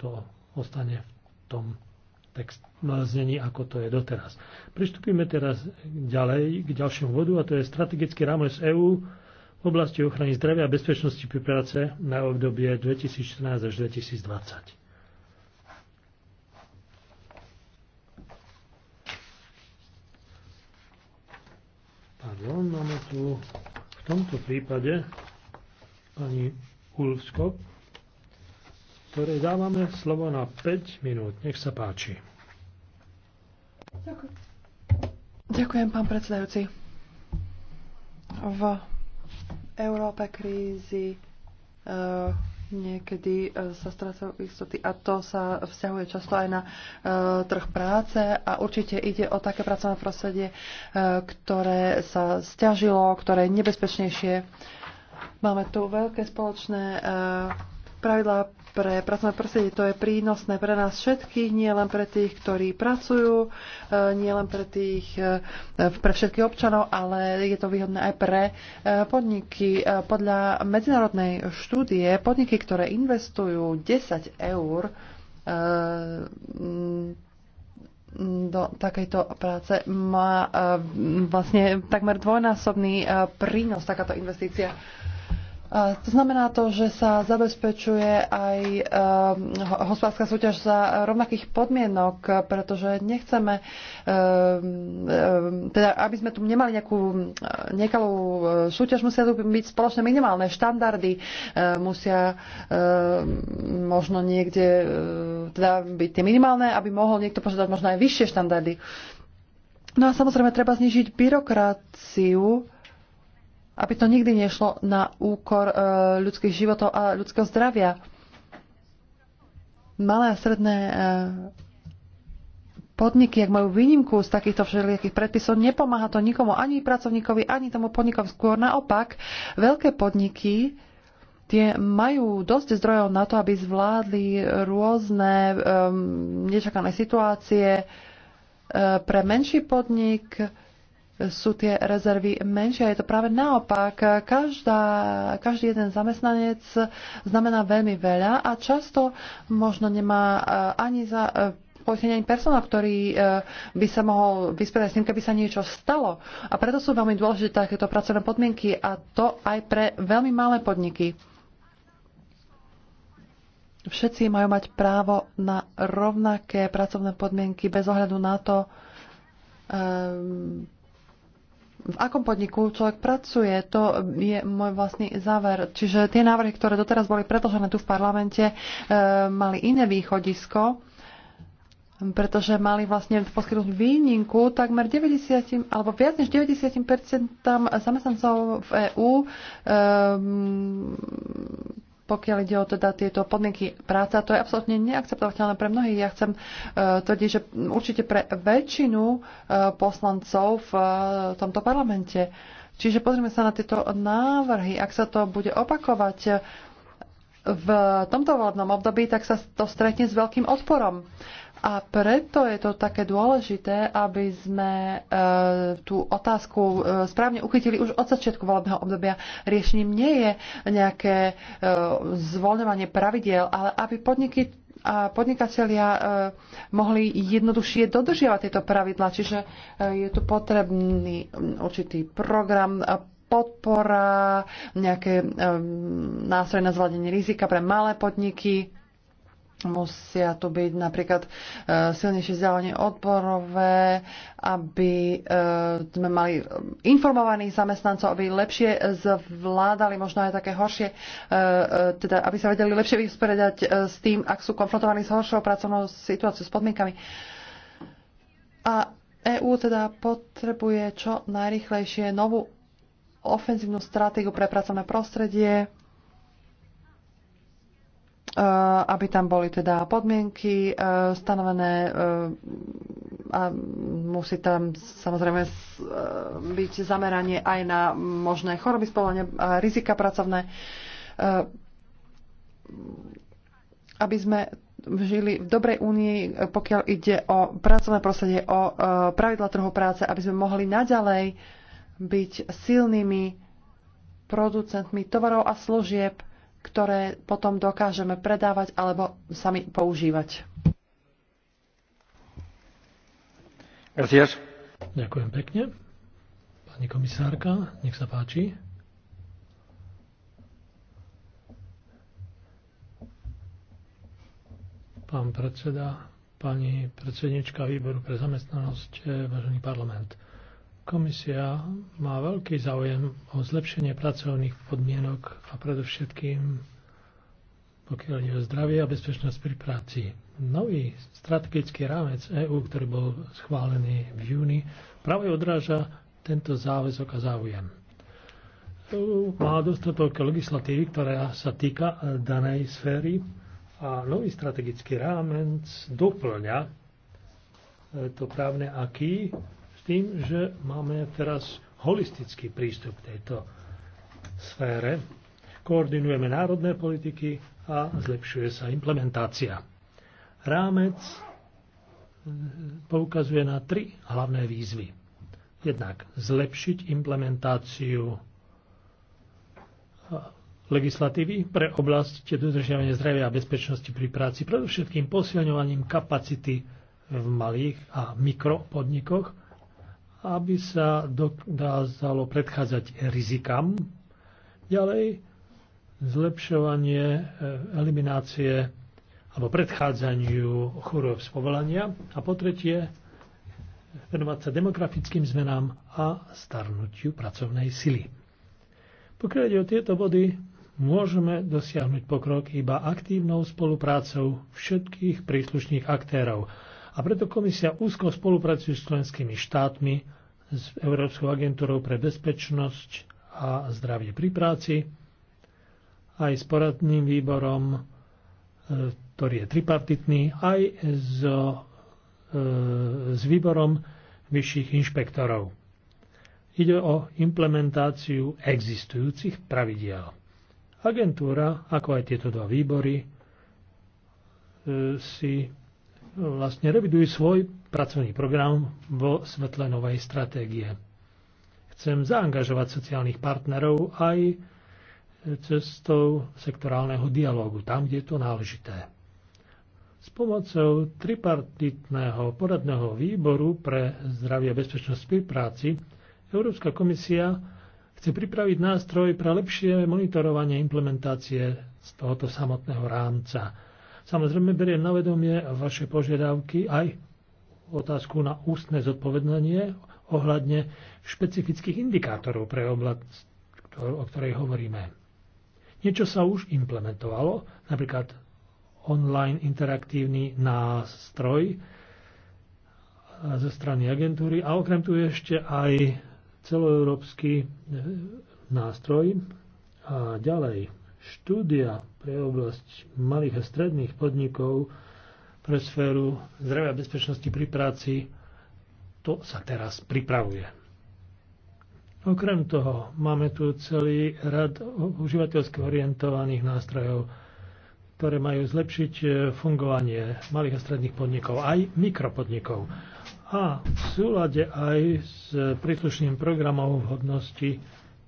to ostane v tom text, no, znení, ako to je doteraz. Pristúpime teraz ďalej k ďalšiemu vodu a to je strategický rámec EÚ v oblasti ochrany zdravia a bezpečnosti pri práce na obdobie 2014 až 2020. Pardon, máme tu v tomto prípade pani Ulfskop, ktoré dávame slovo na 5 minút. Nech sa páči. Ďakujem, pán predsedajúci. V Európe krízy uh, niekedy eh, sa strácajú istoty a to sa vzťahuje často aj na e, trh práce a určite ide o také pracovné prostredie, e, ktoré sa stiažilo, ktoré je nebezpečnejšie. Máme tu veľké spoločné e, Pravidlá pre pracovné prostredie to je prínosné pre nás všetkých, nie len pre tých, ktorí pracujú, e, nie len pre tých, e, pre všetkých občanov, ale je to výhodné aj pre e, podniky. Podľa medzinárodnej štúdie podniky, ktoré investujú 10 eur do takejto práce má vlastne takmer dvojnásobný prínos takáto investícia to znamená to, že sa zabezpečuje aj ehm, hospodárska súťaž za rovnakých podmienok, pretože nechceme, ehm, ehm, teda aby sme tu nemali nejakú e, nekalú e, súťaž, musia tu byť spoločné minimálne štandardy, e, musia možno niekde teda byť tie minimálne, aby mohol niekto požiadať možno aj vyššie štandardy. No a samozrejme treba znižiť byrokraciu, aby to nikdy nešlo na úkor e, ľudských životov a ľudského zdravia. Malé a stredné e, podniky, ak majú výnimku z takýchto všelijakých predpisov, nepomáha to nikomu, ani pracovníkovi, ani tomu podnikom. Skôr naopak, veľké podniky tie majú dosť zdrojov na to, aby zvládli rôzne um, nečakané situácie. Uh, pre menší podnik sú tie rezervy menšie. Je to práve naopak. Každá, každý jeden zamestnanec znamená veľmi veľa a často možno nemá eh, ani za eh, poistenie personál, ktorý eh, by sa mohol vysporiadať s tým, keby sa niečo stalo. A preto sú veľmi dôležité takéto pracovné podmienky a to aj pre veľmi malé podniky. Všetci majú mať právo na rovnaké pracovné podmienky bez ohľadu na to, um, v akom podniku človek pracuje, to je môj vlastný záver. Čiže tie návrhy, ktoré doteraz boli predložené tu v parlamente, e, mali iné východisko, pretože mali vlastne poskytnúť výnimku takmer 90, alebo viac než 90 zamestnancov v EÚ E, pokiaľ ide o teda tieto podmienky práce, a to je absolútne neakceptovateľné pre mnohých. Ja chcem uh, tvrdiť, že určite pre väčšinu uh, poslancov v uh, tomto parlamente. Čiže pozrieme sa na tieto návrhy. Ak sa to bude opakovať v tomto volebnom období, tak sa to stretne s veľkým odporom. A preto je to také dôležité, aby sme e, tú otázku e, správne uchytili už od začiatku volebného obdobia. Riešením nie je nejaké e, zvoľňovanie pravidiel, ale aby podniky a podnikatelia e, mohli jednoduchšie dodržiavať tieto pravidla. Čiže e, je tu potrebný určitý program e, podpora, nejaké e, nástroje na zvládanie rizika pre malé podniky, Musia tu byť napríklad eh, silnejšie vzdelanie odborové, aby eh, sme mali informovaných zamestnancov, aby lepšie zvládali možno aj také horšie, eh, teda aby sa vedeli lepšie vysporiadať s tým, ak sú konfrontovaní s horšou pracovnou situáciou, s podmienkami. A EÚ teda potrebuje čo najrychlejšie novú ofenzívnu stratégiu pre pracovné prostredie, Eh, aby tam boli teda podmienky eh, stanovené eh, a musí tam samozrejme byť zameranie aj na možné choroby spolania a rizika pracovné, aby sme žili v dobrej únii, pokiaľ ide o pracovné prostredie, o pravidla trhu práce, aby sme mohli naďalej byť silnými producentmi tovarov a služieb, ktoré potom dokážeme predávať alebo sami používať. Gracias. Ďakujem pekne. Pani komisárka, nech sa páči. Pán predseda, pani predsednička výboru pre zamestnanosť, eh, vážený parlament. Komisia má veľký záujem o zlepšenie pracovných podmienok a predovšetkým pokiaľ ide o zdravie a bezpečnosť pri práci. Nový strategický rámec EÚ, ktorý bol schválený v júni, práve odráža tento záväzok a záujem. EÚ má dostatok legislatívy, ktorá sa týka danej sféry a nový strategický rámec doplňa to právne aký tým, že máme teraz holistický prístup k tejto sfére. Koordinujeme národné politiky a zlepšuje sa implementácia. Rámec eh, poukazuje na tri hlavné výzvy. Jednak zlepšiť implementáciu eh, legislatívy pre oblasť dodržiavania zdravia a bezpečnosti pri práci, predovšetkým posilňovaním kapacity v malých a mikropodnikoch aby sa dokázalo predchádzať rizikám. Ďalej zlepšovanie e, eliminácie alebo predchádzaniu chorôb z povolania a po tretie venovať sa demografickým zmenám a starnutiu pracovnej sily. Pokiaľ ide o tieto body, môžeme dosiahnuť pokrok iba aktívnou spoluprácou všetkých príslušných aktérov a preto komisia úzko spolupracuje s členskými štátmi, s Európskou agentúrou pre bezpečnosť a zdravie pri práci, aj s poradným výborom, e, ktorý je tripartitný, aj s, e, s výborom vyšších inšpektorov. Ide o implementáciu existujúcich pravidiel. Agentúra, ako aj tieto dva výbory, e, si vlastne revidujú svoj pracovný program vo svetle novej stratégie. Chcem zaangažovať sociálnych partnerov aj cestou sektorálneho dialógu, tam, kde je to náležité. S pomocou tripartitného poradného výboru pre zdravie a bezpečnosť pri práci Európska komisia chce pripraviť nástroj pre lepšie monitorovanie implementácie z tohoto samotného rámca Samozrejme, beriem na vedomie vaše požiadavky aj otázku na ústne zodpovedanie ohľadne špecifických indikátorov pre oblasť, o ktorej hovoríme. Niečo sa už implementovalo, napríklad online interaktívny nástroj zo strany agentúry a okrem tu ešte aj celoeurópsky e, nástroj a ďalej štúdia pre oblasť malých a stredných podnikov, pre sféru zdravia bezpečnosti pri práci, to sa teraz pripravuje. Okrem toho máme tu celý rad užívateľsky orientovaných nástrojov, ktoré majú zlepšiť e, fungovanie malých a stredných podnikov, aj mikropodnikov. A v súlade aj s príslušným programom vhodnosti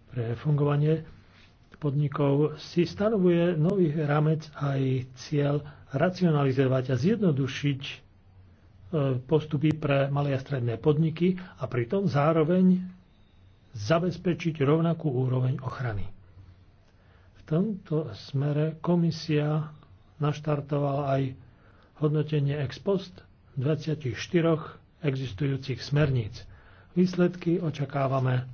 pre fungovanie podnikov si stanovuje nový ramec aj cieľ racionalizovať a zjednodušiť e, postupy pre malé a stredné podniky a pritom zároveň zabezpečiť rovnakú úroveň ochrany. V tomto smere komisia naštartovala aj hodnotenie ex post 24 existujúcich smerníc. Výsledky očakávame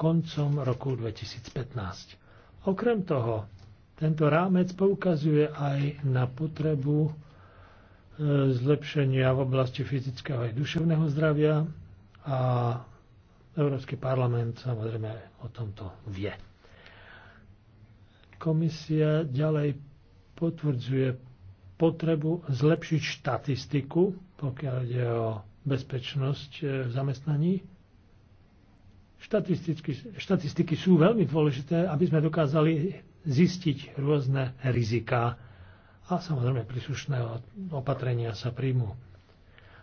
koncom roku 2015. Okrem toho, tento rámec poukazuje aj na potrebu e, zlepšenia v oblasti fyzického aj duševného zdravia a Európsky parlament samozrejme o tomto vie. Komisia ďalej potvrdzuje potrebu zlepšiť štatistiku, pokiaľ ide o bezpečnosť e, v zamestnaní Štatistiky, sú veľmi dôležité, aby sme dokázali zistiť rôzne riziká a samozrejme príslušné opatrenia sa príjmu.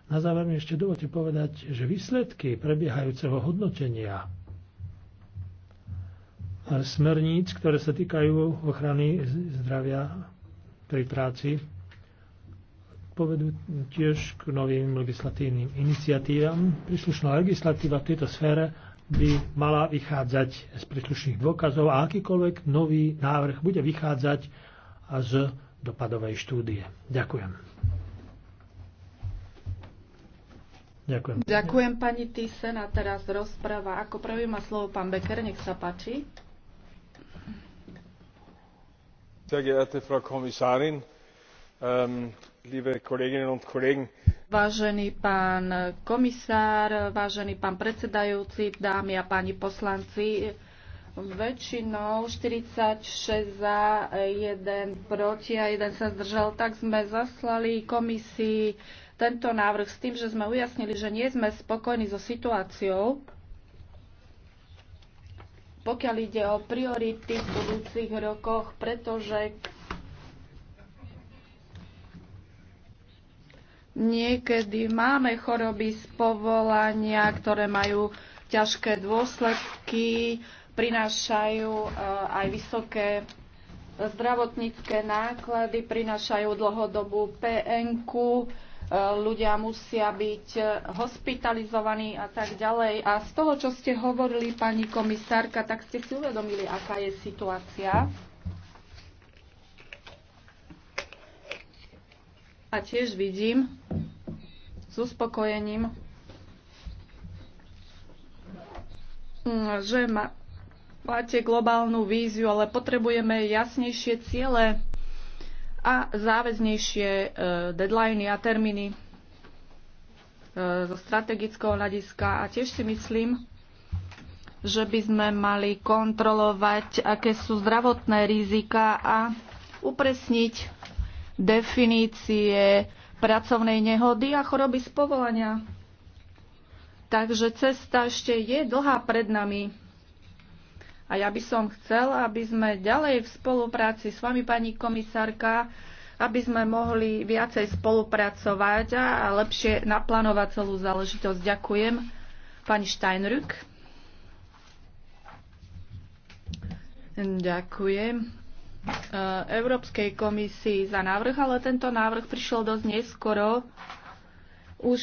Na záver mi ešte dovolte povedať, že výsledky prebiehajúceho hodnotenia smerníc, ktoré sa týkajú ochrany zdravia pri práci, povedú tiež k novým legislatívnym iniciatívam. Príslušná legislatíva v tejto sfére by mala vychádzať z príslušných dôkazov a akýkoľvek nový návrh bude vychádzať z dopadovej štúdie. Ďakujem. Ďakujem. Ďakujem pani Tysen a teraz rozpráva. Ako prvý má slovo pán Becker, nech sa páči. Sehr geehrte Frau Kommissarin, ähm, liebe Kolleginnen und Kollegen, Vážený pán komisár, vážený pán predsedajúci, dámy a páni poslanci, väčšinou 46 za, 1 proti a 1 sa zdržal, tak sme zaslali komisii tento návrh s tým, že sme ujasnili, že nie sme spokojní so situáciou, pokiaľ ide o priority v budúcich rokoch, pretože Niekedy máme choroby z povolania, ktoré majú ťažké dôsledky, prinášajú e, aj vysoké zdravotnícke náklady, prinášajú dlhodobú PNK, e, ľudia musia byť hospitalizovaní a tak ďalej. A z toho, čo ste hovorili, pani komisárka, tak ste si uvedomili, aká je situácia. A tiež vidím s uspokojením, že máte globálnu víziu, ale potrebujeme jasnejšie ciele a záväznejšie e, deadliny a termíny e, zo strategického hľadiska. A tiež si myslím, že by sme mali kontrolovať, aké sú zdravotné rizika a upresniť definície pracovnej nehody a choroby z povolania. Takže cesta ešte je dlhá pred nami. A ja by som chcel, aby sme ďalej v spolupráci s vami, pani komisárka, aby sme mohli viacej spolupracovať a lepšie naplánovať celú záležitosť. Ďakujem. Pani Steinrück. Ďakujem. Eh, Európskej komisii za návrh, ale tento návrh prišiel dosť neskoro. Už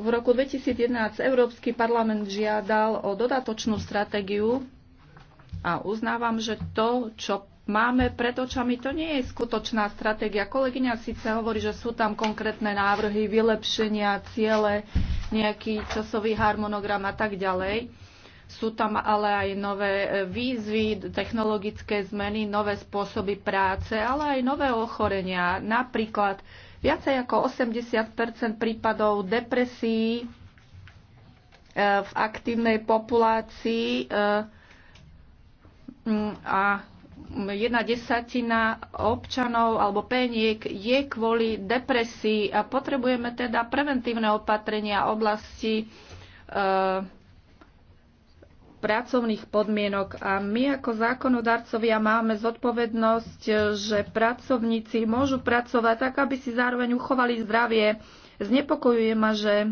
v roku 2011 Európsky parlament žiadal o dodatočnú stratégiu a uznávam, že to, čo máme pred očami, to nie je skutočná stratégia. Kolegyňa síce hovorí, že sú tam konkrétne návrhy, vylepšenia, ciele, nejaký časový harmonogram a tak ďalej sú tam ale aj nové e, výzvy, technologické zmeny, nové spôsoby práce, ale aj nové ochorenia. Napríklad viacej ako 80 prípadov depresí e, v aktívnej populácii e, mm, a jedna desatina občanov alebo peniek je kvôli depresii a potrebujeme teda preventívne opatrenia oblasti pracovných podmienok. A my ako zákonodarcovia máme zodpovednosť, že pracovníci môžu pracovať tak, aby si zároveň uchovali zdravie. Znepokojuje ma, že e,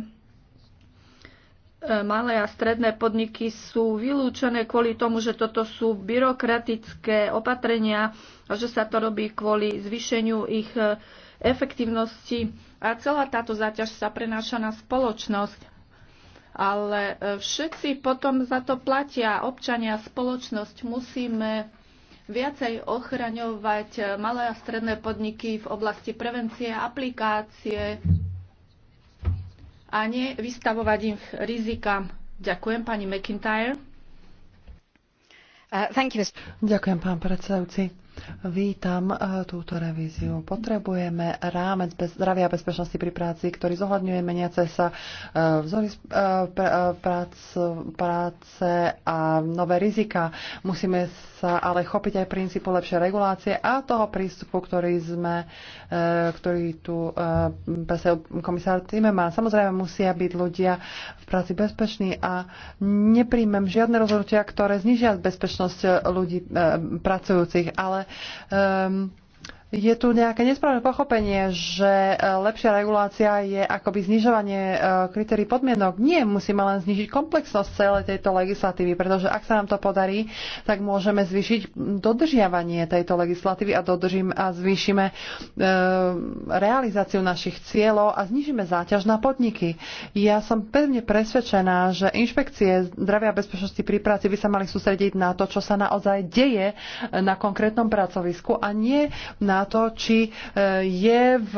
malé a stredné podniky sú vylúčené kvôli tomu, že toto sú byrokratické opatrenia a že sa to robí kvôli zvýšeniu ich e, efektívnosti. A celá táto záťaž sa prenáša na spoločnosť ale e, všetci potom za to platia. Občania, spoločnosť musíme viacej ochraňovať e, malé a stredné podniky v oblasti prevencie, aplikácie a nevystavovať im rizikám. Ďakujem pani McIntyre. Uh, you, Ďakujem, pán predsedajúci Vítam e, túto revíziu. Potrebujeme rámec bez zdravia a bezpečnosti pri práci, ktorý zohľadňuje meniace sa e, vzory e, práce a nové rizika. Musíme sa ale chopiť aj princípu lepšej regulácie a toho prístupu, ktorý sme, ktorý tu presil komisár má. Samozrejme musia byť ľudia v práci bezpeční a nepríjmem žiadne rozhodnutia, ktoré znižia bezpečnosť ľudí pracujúcich, ale um, je tu nejaké nesprávne pochopenie, že e, lepšia regulácia je akoby znižovanie e, kritérií podmienok. Nie, musíme len znižiť komplexnosť celej tejto legislatívy, pretože ak sa nám to podarí, tak môžeme zvýšiť dodržiavanie tejto legislatívy a, dodržím, a zvýšime e, realizáciu našich cieľov a znižíme záťaž na podniky. Ja som pevne presvedčená, že inšpekcie zdravia a bezpečnosti pri práci by sa mali sústrediť na to, čo sa naozaj deje na konkrétnom pracovisku a nie na to, či e, je e, v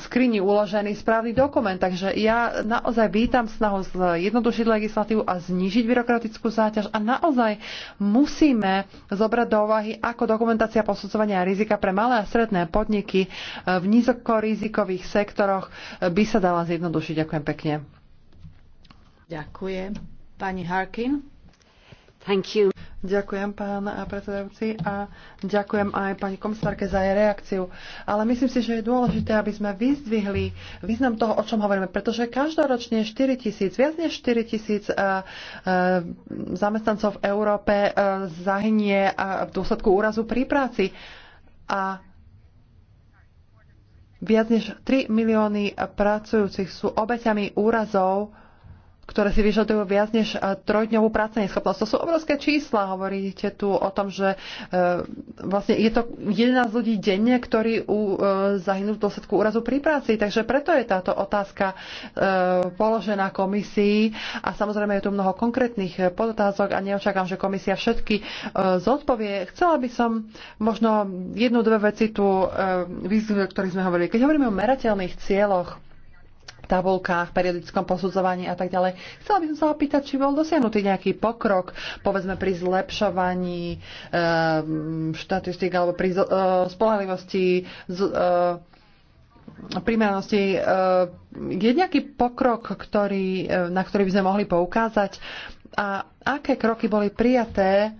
skrini uložený správny dokument. Takže ja naozaj vítam snahu zjednodušiť legislatívu a znížiť byrokratickú záťaž a naozaj musíme zobrať do úvahy, ako dokumentácia posudzovania rizika pre malé a stredné podniky e, v nízkorizikových sektoroch by sa dala zjednodušiť. Ďakujem pekne. Ďakujem. Pani Harkin. Thank you. Ďakujem, pán predsedajúci, a ďakujem aj pani komisárke za jej reakciu. Ale myslím si, že je dôležité, aby sme vyzdvihli význam toho, o čom hovoríme, pretože každoročne 4 tisíc, viac než 4 tisíc e, e, zamestnancov v Európe e, zahynie v dôsledku úrazu pri práci. A viac než 3 milióny pracujúcich sú obeťami úrazov, ktoré si vyžadujú viac než e, trojdňovú prácu neschopnosť. To sú obrovské čísla. Hovoríte tu o tom, že e, vlastne je to 11 ľudí denne, ktorí e, zahynú v dôsledku úrazu pri práci. Takže preto je táto otázka položená komisii a samozrejme je tu mnoho konkrétnych podotázok a neočakám, že komisia všetky zodpovie. Chcela by som možno jednu, dve veci tu výzvu, o ktorých sme hovorili. Keď hovoríme o merateľných cieľoch, tabulkách, periodickom posudzovaní a tak ďalej. Chcela by som sa opýtať, či bol dosiahnutý nejaký pokrok, povedzme pri zlepšovaní e, ehm, štatistik alebo pri e, spolahlivosti z, e, primeranosti. Je nejaký pokrok, ktorý, na ktorý by sme mohli poukázať? A aké kroky boli prijaté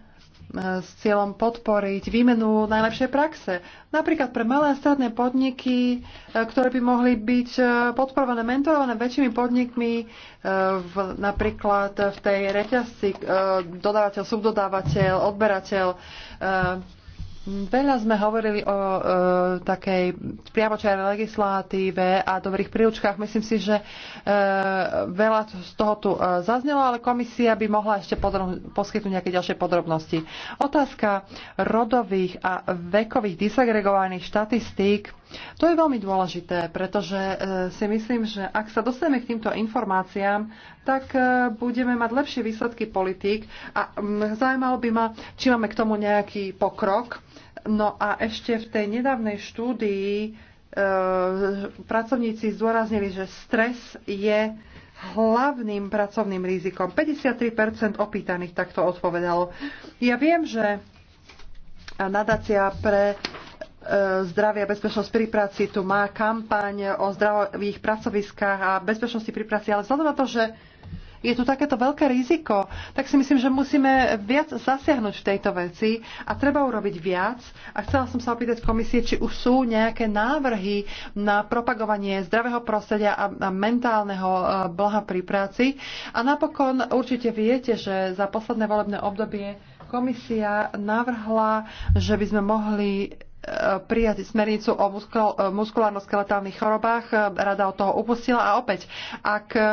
E, s cieľom podporiť výmenu najlepšej praxe. Napríklad pre malé a stredné podniky, e, ktoré by mohli byť e, podporované, mentorované väčšími podnikmi, v, napríklad v tej reťazci dodávateľ, subdodávateľ, odberateľ, Veľa sme hovorili o e, takej priamočiarej legislatíve a dobrých príručkách. Myslím si, že e, veľa z toho tu e, zaznelo, ale komisia by mohla ešte podro- poskytnúť nejaké ďalšie podrobnosti. Otázka rodových a vekových disagregovaných štatistík to je veľmi dôležité, pretože e, si myslím, že ak sa dostaneme k týmto informáciám, tak e, budeme mať lepšie výsledky politík a zaujímalo by ma, či máme k tomu nejaký pokrok. No a ešte v tej nedávnej štúdii e, pracovníci zdôraznili, že stres je hlavným pracovným rizikom. 53% opýtaných takto odpovedalo. Ja viem, že nadácia pre E, zdravie a bezpečnosť pri práci. Tu má kampaň o zdravých pracoviskách a bezpečnosti pri práci, ale vzhľadom na to, že je tu takéto veľké riziko, tak si myslím, že musíme viac zasiahnuť v tejto veci a treba urobiť viac. A chcela som sa opýtať komisie, či už sú nejaké návrhy na propagovanie zdravého prostredia a mentálneho e, blaha pri práci. A napokon určite viete, že za posledné volebné obdobie komisia navrhla, že by sme mohli prijať smernicu o muskul- muskulárno-skeletálnych chorobách. Rada od toho upustila a opäť, ak e,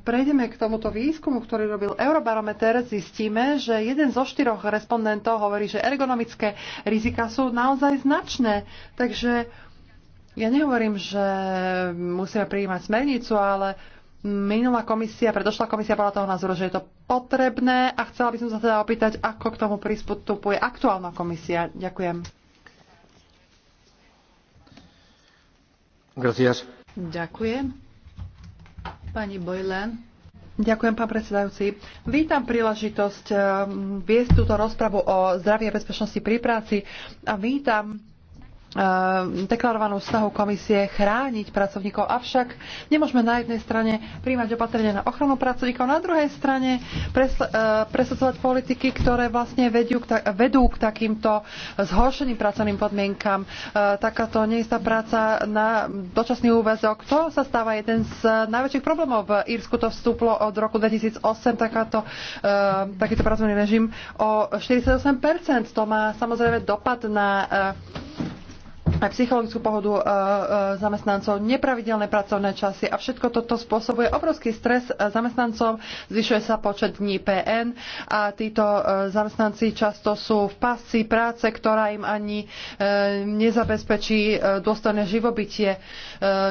Prejdeme k tomuto výskumu, ktorý robil Eurobarometer. Zistíme, že jeden zo štyroch respondentov hovorí, že ergonomické rizika sú naozaj značné. Takže ja nehovorím, že musíme prijímať smernicu, ale minulá komisia, predošlá komisia bola toho názoru, že je to potrebné a chcela by som sa teda opýtať, ako k tomu pristupuje aktuálna komisia. Ďakujem. Ďakujem, pán predsedajúci. Vítam príležitosť eh, viesť túto rozpravu o zdraví a bezpečnosti pri práci a vítam Eh, deklarovanú snahu komisie chrániť pracovníkov. Avšak nemôžeme na jednej strane príjmať opatrenia na ochranu pracovníkov, na druhej strane presl- eh, presadzovať politiky, ktoré vlastne vedú k, ta- vedú k takýmto zhoršeným pracovným podmienkam. Eh, takáto neistá práca na dočasný úvezok, to sa stáva jeden z najväčších problémov. V Írsku to vstúplo od roku 2008, takáto, takýto pracovný režim o 48%. To má samozrejme dopad na psychologickú pohodu eh, eh, zamestnancov, nepravidelné pracovné časy a všetko toto spôsobuje obrovský stres eh, zamestnancom, zvyšuje sa počet dní PN a títo zamestnanci často sú v pasci práce, ktorá im ani nezabezpečí dôstojné živobytie.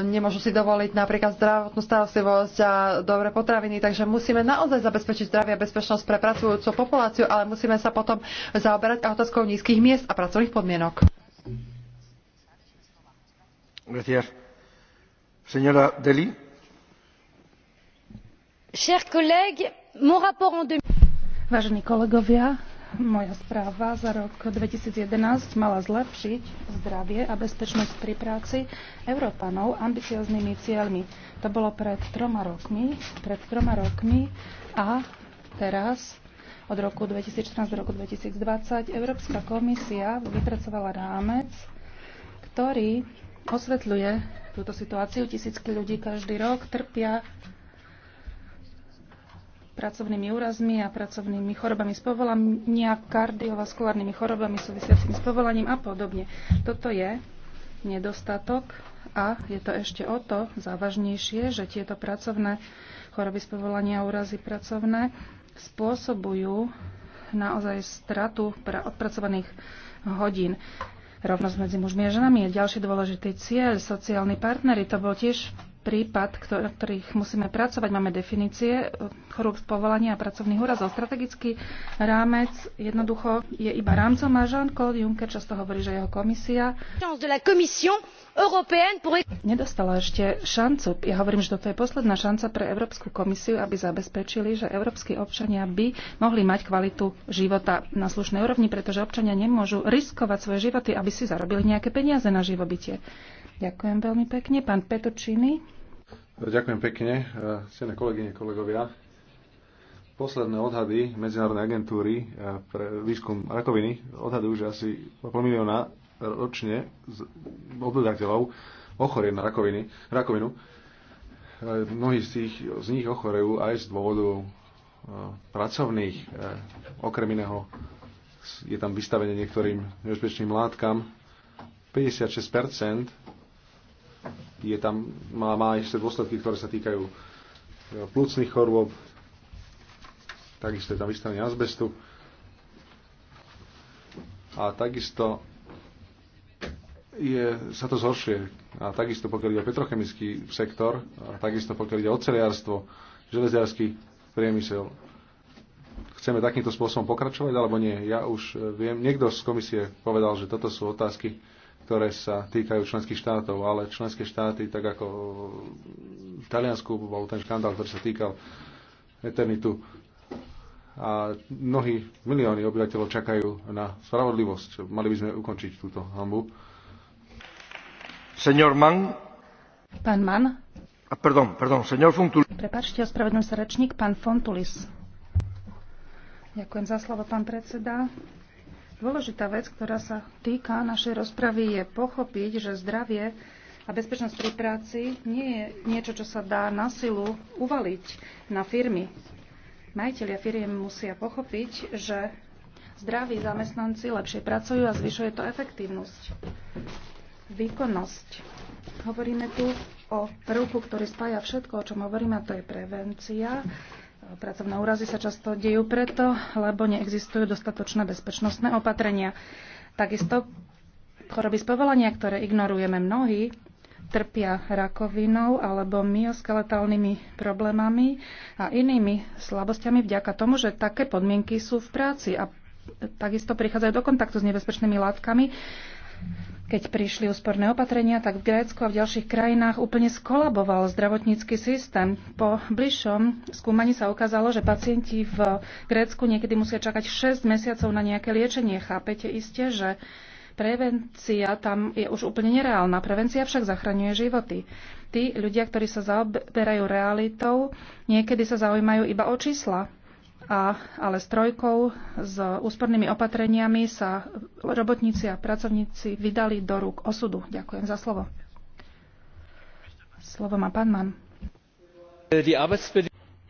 Nemôžu si dovoliť napríklad zdravotnú starostlivosť a dobré potraviny, takže musíme naozaj zabezpečiť zdravie a bezpečnosť pre pracujúcu populáciu, ale musíme sa potom zaoberať aj otázkou nízkych miest a pracovných podmienok chers collègues mon rapport en vážení kolegovia moja správa za rok 2011 mala zlepšiť zdravie a bezpečnosť pri práci Európanov ambicióznymi cieľmi. To bolo pred troma rokmi, pred troma rokmi a teraz od roku 2014 do roku 2020 Európska komisia vypracovala rámec, ktorý osvetľuje túto situáciu. Tisícky ľudí každý rok trpia pracovnými úrazmi a pracovnými chorobami z povolania, kardiovaskulárnymi chorobami súvisiacimi s povolaním a podobne. Toto je nedostatok a je to ešte o to závažnejšie, že tieto pracovné choroby z povolania a úrazy pracovné spôsobujú naozaj stratu odpracovaných hodín rovnosť medzi mužmi a ženami je ďalší dôležitý cieľ. Sociálni partnery to bol tiež prípad, na ktorých musíme pracovať. Máme definície e, chorób z povolania a pracovných úrazov. Strategický rámec jednoducho je iba rámcom a Jean-Claude Juncker často hovorí, že jeho komisia nedostala ešte šancu. Ja hovorím, že toto je posledná šanca pre Európsku komisiu, aby zabezpečili, že európsky občania by mohli mať kvalitu života na slušnej úrovni, pretože občania nemôžu riskovať svoje životy, aby si zarobili nejaké peniaze na živobytie. Ďakujem veľmi pekne. Pán Petočiny. Ďakujem pekne, eh, cené kolegyne, kolegovia. Posledné odhady Medzinárodnej agentúry eh, pre výskum rakoviny odhadujú, že asi pol milióna ročne obyvateľov ochorie na rakoviny, rakovinu. Eh, mnohí z, tých, z nich ochorejú aj z dôvodu pracovných, okrem iného je tam vystavenie niektorým nebezpečným látkam. 56 je tam, má, má ešte dôsledky, ktoré sa týkajú e, plúcnych chorôb, takisto je tam vystavenie azbestu a takisto je, sa to zhoršuje. A takisto pokiaľ ide o petrochemický sektor, a takisto pokiaľ ide o oceliarstvo, železiarský priemysel. Chceme takýmto spôsobom pokračovať, alebo nie? Ja už e, viem, niekto z komisie povedal, že toto sú otázky, ktoré sa týkajú členských štátov, ale členské štáty, tak ako v Taliansku bol ten škandál, ktorý sa týkal Eternitu. A mnohí milióny obyvateľov čakajú na spravodlivosť. Mali by sme ukončiť túto hambu. Senior Mann. Pán Mann. A pardon, pardon, senior Fontulis. Prepačte, ospravedlňujem sa rečník, pán Fontulis. Ďakujem za slovo, pán predseda. Dôležitá vec, ktorá sa týka našej rozpravy, je pochopiť, že zdravie a bezpečnosť pri práci nie je niečo, čo sa dá na silu uvaliť na firmy. Majiteľia firiem musia pochopiť, že zdraví zamestnanci lepšie pracujú a zvyšuje to efektívnosť. Výkonnosť. Hovoríme tu o prvku, ktorý spája všetko, o čom hovoríme, a to je prevencia Pracovné úrazy sa často dejú preto, lebo neexistujú dostatočné bezpečnostné opatrenia. Takisto choroby z povolania, ktoré ignorujeme mnohí, trpia rakovinou alebo myoskeletálnymi problémami a inými slabosťami vďaka tomu, že také podmienky sú v práci a takisto prichádzajú do kontaktu s nebezpečnými látkami, keď prišli úsporné opatrenia, tak v Grécku a v ďalších krajinách úplne skolaboval zdravotnícky systém. Po bližšom skúmaní sa ukázalo, že pacienti v Grécku niekedy musia čakať 6 mesiacov na nejaké liečenie. Chápete iste, že prevencia tam je už úplne nereálna. Prevencia však zachraňuje životy. Tí ľudia, ktorí sa zaoberajú realitou, niekedy sa zaujímajú iba o čísla. A, ale s trojkou, s úspornými opatreniami sa robotníci a pracovníci vydali do rúk osudu. Ďakujem za slovo. Slovo má pán Mann.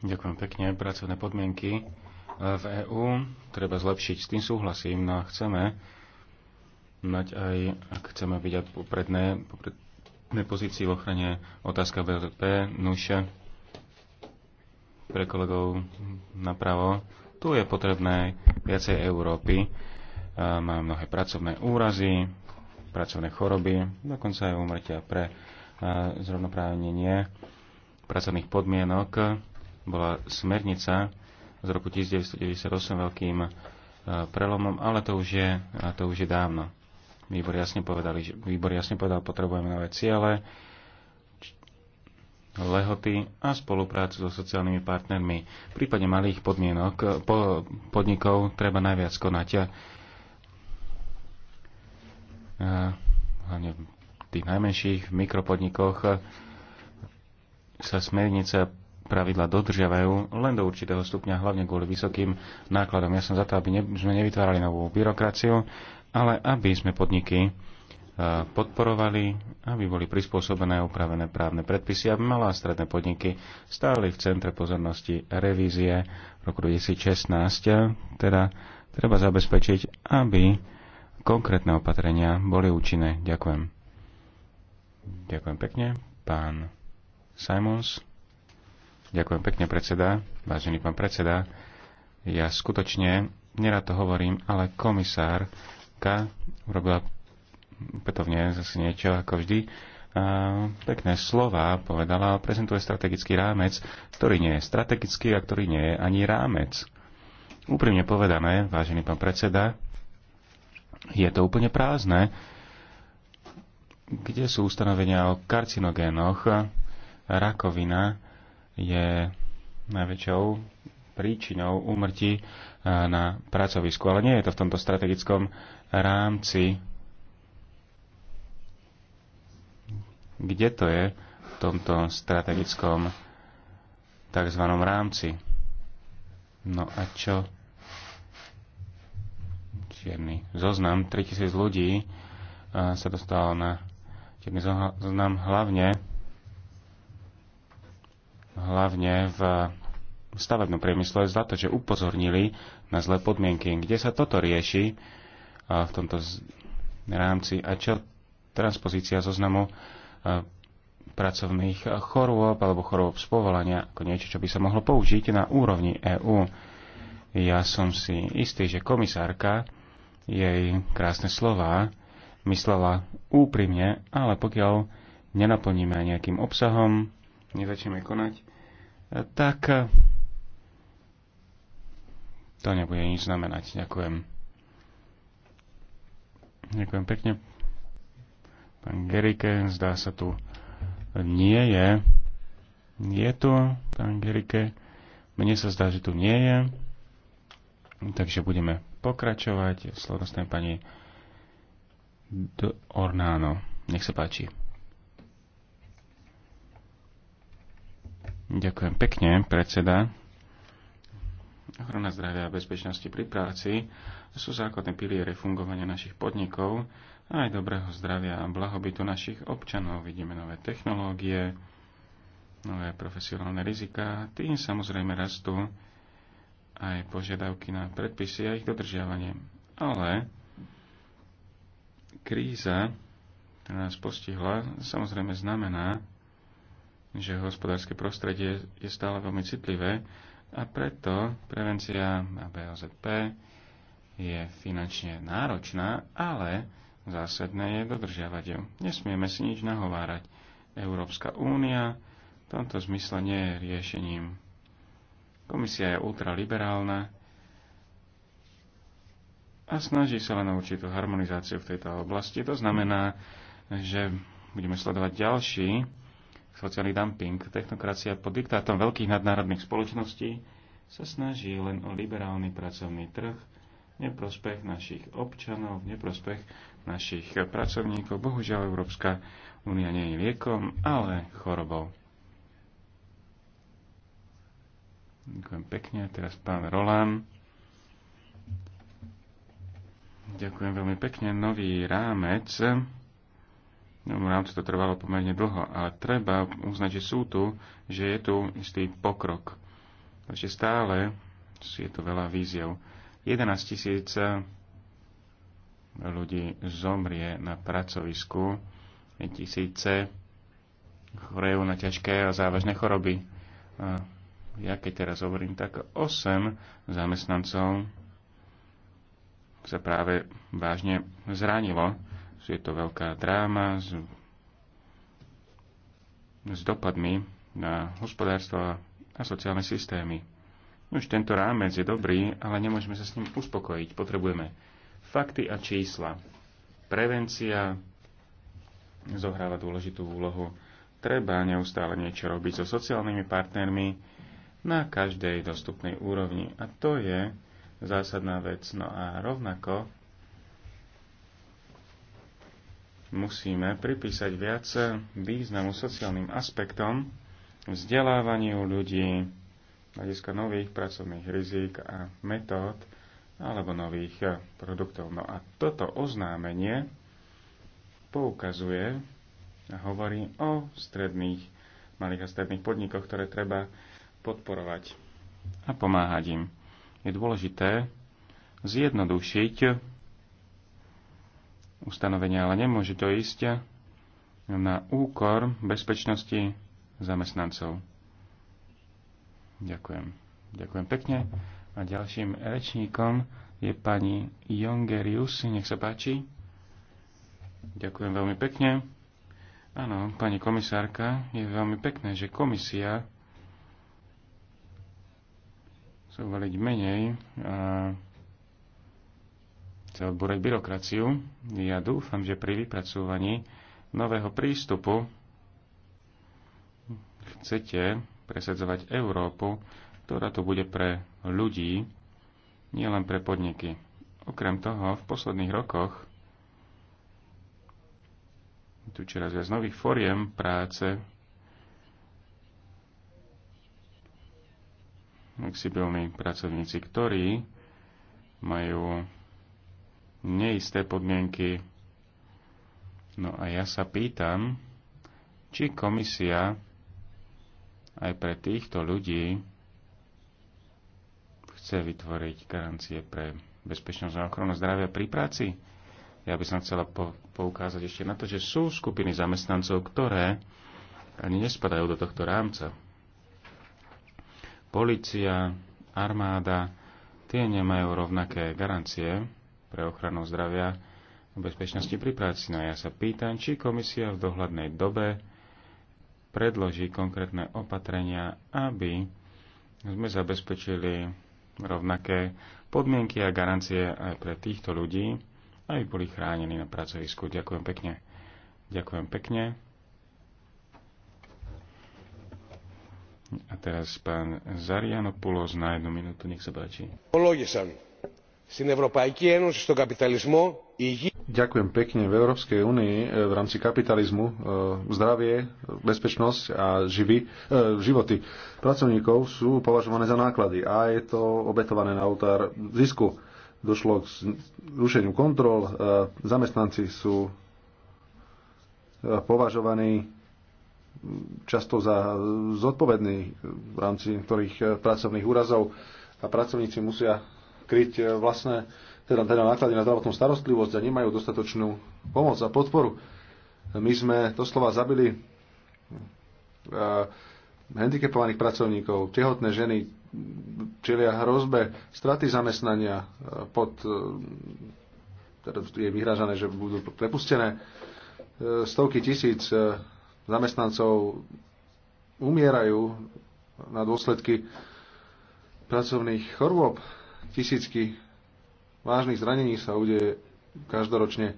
Ďakujem pekne. Pracovné podmienky v EÚ treba zlepšiť. S tým súhlasím. No a chceme mať aj, ak chceme byť popredné, popredné pozície v ochrane otázka BDP, nuše pre kolegov napravo. Tu je potrebné viacej Európy. Máme mnohé pracovné úrazy, pracovné choroby, dokonca aj umrtia pre zrovnoprávnenie pracovných podmienok. Bola smernica z roku 1998 veľkým prelomom, ale to už je, to už je dávno. Výbor jasne, povedali, výbor jasne povedal, potrebujeme nové ciele, lehoty a spoluprácu so sociálnymi partnermi. V prípade malých podmienok, po, podnikov treba najviac konať. A, hlavne v tých najmenších v mikropodnikoch sa smernice pravidla dodržiavajú len do určitého stupňa, hlavne kvôli vysokým nákladom. Ja som za to, aby ne, sme nevytvárali novú byrokraciu, ale aby sme podniky podporovali, aby boli prispôsobené upravené právne predpisy, aby malé a stredné podniky stáli v centre pozornosti revízie v roku 2016. Teda treba zabezpečiť, aby konkrétne opatrenia boli účinné. Ďakujem. Ďakujem pekne, pán Simons. Ďakujem pekne, predseda. Vážený pán predseda, ja skutočne nerad to hovorím, ale komisár urobila opätovne zase niečo ako vždy. Pekné slova povedala, prezentuje strategický rámec, ktorý nie je strategický a ktorý nie je ani rámec. Úprimne povedané, vážený pán predseda, je to úplne prázdne. Kde sú ustanovenia o karcinogénoch? Rakovina je najväčšou príčinou úmrtí na pracovisku, ale nie je to v tomto strategickom rámci kde to je v tomto strategickom tzv. rámci. No a čo? Čierny zoznam. 3000 ľudí sa dostalo na čierny zoznam hlavne hlavne v stavebnom priemysle za to, že upozornili na zlé podmienky. Kde sa toto rieši v tomto rámci a čo transpozícia zoznamu pracovných chorôb alebo chorôb z povolania ako niečo, čo by sa mohlo použiť na úrovni EÚ. Ja som si istý, že komisárka jej krásne slová myslela úprimne, ale pokiaľ nenaplníme nejakým obsahom, nezačneme konať, tak to nebude nič znamenať. Ďakujem. Ďakujem pekne. Pán Gerike, zdá sa tu, nie je. Je tu, pán Gerike. Mne sa zdá, že tu nie je. Takže budeme pokračovať. Slovo pani D. Ornáno. Nech sa páči. Ďakujem pekne, predseda. Ochrana zdravia a bezpečnosti pri práci sú základné piliere fungovania našich podnikov aj dobrého zdravia a blahobytu našich občanov. Vidíme nové technológie, nové profesionálne rizika, tým samozrejme rastú aj požiadavky na predpisy a ich dodržiavanie. Ale kríza, ktorá nás postihla, samozrejme znamená, že hospodárske prostredie je stále veľmi citlivé a preto prevencia a BOZP je finančne náročná, ale Zásadné je dodržiavať ju. Nesmieme si nič nahovárať. Európska únia v tomto zmysle nie je riešením. Komisia je ultraliberálna a snaží sa len o určitú harmonizáciu v tejto oblasti. To znamená, že budeme sledovať ďalší sociálny dumping. Technokracia pod diktátom veľkých nadnárodných spoločností sa snaží len o liberálny pracovný trh, neprospech našich občanov, neprospech našich pracovníkov. Bohužiaľ, Európska únia nie je liekom, ale chorobou. Ďakujem pekne. Teraz pán Rolán. Ďakujem veľmi pekne. Nový rámec. No, rámcu to trvalo pomerne dlho, ale treba uznať, že sú tu, že je tu istý pokrok. Takže stále je tu veľa víziev. 11 tisíc ľudí zomrie na pracovisku, tisíce chorejú na ťažké a závažné choroby. Ja keď teraz hovorím, tak 8 zamestnancov sa práve vážne zranilo. Je to veľká dráma s, s dopadmi na hospodárstvo a sociálne systémy. Už tento rámec je dobrý, ale nemôžeme sa s ním uspokojiť. Potrebujeme Fakty a čísla. Prevencia zohráva dôležitú úlohu. Treba neustále niečo robiť so sociálnymi partnermi na každej dostupnej úrovni. A to je zásadná vec. No a rovnako musíme pripísať viac významu sociálnym aspektom, vzdelávaniu ľudí, hľadiska nových pracovných rizik a metód alebo nových eh, produktov. No a toto oznámenie poukazuje a hovorí o stredných, malých a stredných podnikoch, ktoré treba podporovať a pomáhať im. Je dôležité zjednodušiť ustanovenia, ale nemôže to ísť na úkor bezpečnosti zamestnancov. Ďakujem. Ďakujem pekne. A ďalším rečníkom je pani Jongerius. Nech sa páči. Ďakujem veľmi pekne. Áno, pani komisárka, je veľmi pekné, že komisia chce uvaliť menej a chce odbúrať byrokraciu. Ja dúfam, že pri vypracúvaní nového prístupu chcete presadzovať Európu, ktorá tu bude pre ľudí, nielen pre podniky. Okrem toho, v posledných rokoch tu čoraz viac nových foriem práce, flexibilní pracovníci, ktorí majú neisté podmienky. No a ja sa pýtam, či komisia aj pre týchto ľudí chce vytvoriť garancie pre bezpečnosť a ochranu zdravia pri práci. Ja by som chcela po, poukázať ešte na to, že sú skupiny zamestnancov, ktoré ani nespadajú do tohto rámca. Polícia, armáda, tie nemajú rovnaké garancie pre ochranu zdravia a bezpečnosti pri práci. No ja sa pýtam, či komisia v dohľadnej dobe predloží konkrétne opatrenia, aby sme zabezpečili rovnaké podmienky a garancie aj pre týchto ľudí, aby boli chránení na pracovisku. Ďakujem pekne. Ďakujem pekne. A teraz pán Zarianopoulos na jednu minútu, nech sa páči. Στην Ευρωπαϊκή Ένωση, στον καπιταλισμό, η υγεία... Ďakujem pekne. V Európskej únii e, v rámci kapitalizmu e, zdravie, bezpečnosť a živy, e, životy pracovníkov sú považované za náklady a je to obetované na autár zisku. Došlo k rušeniu kontrol, zamestnanci sú považovaní často za zodpovední v rámci niektorých pracovných úrazov a pracovníci musia kryť vlastné teda, teda náklady na zdravotnú starostlivosť a nemajú dostatočnú pomoc a podporu. My sme doslova zabili uh, handicapovaných pracovníkov, tehotné ženy, čelia hrozbe straty zamestnania e, pod e, teda je vyhražané, že budú prepustené. Stovky tisíc zamestnancov umierajú na dôsledky pracovných chorôb. Tisícky vážnych zranení sa udeje každoročne.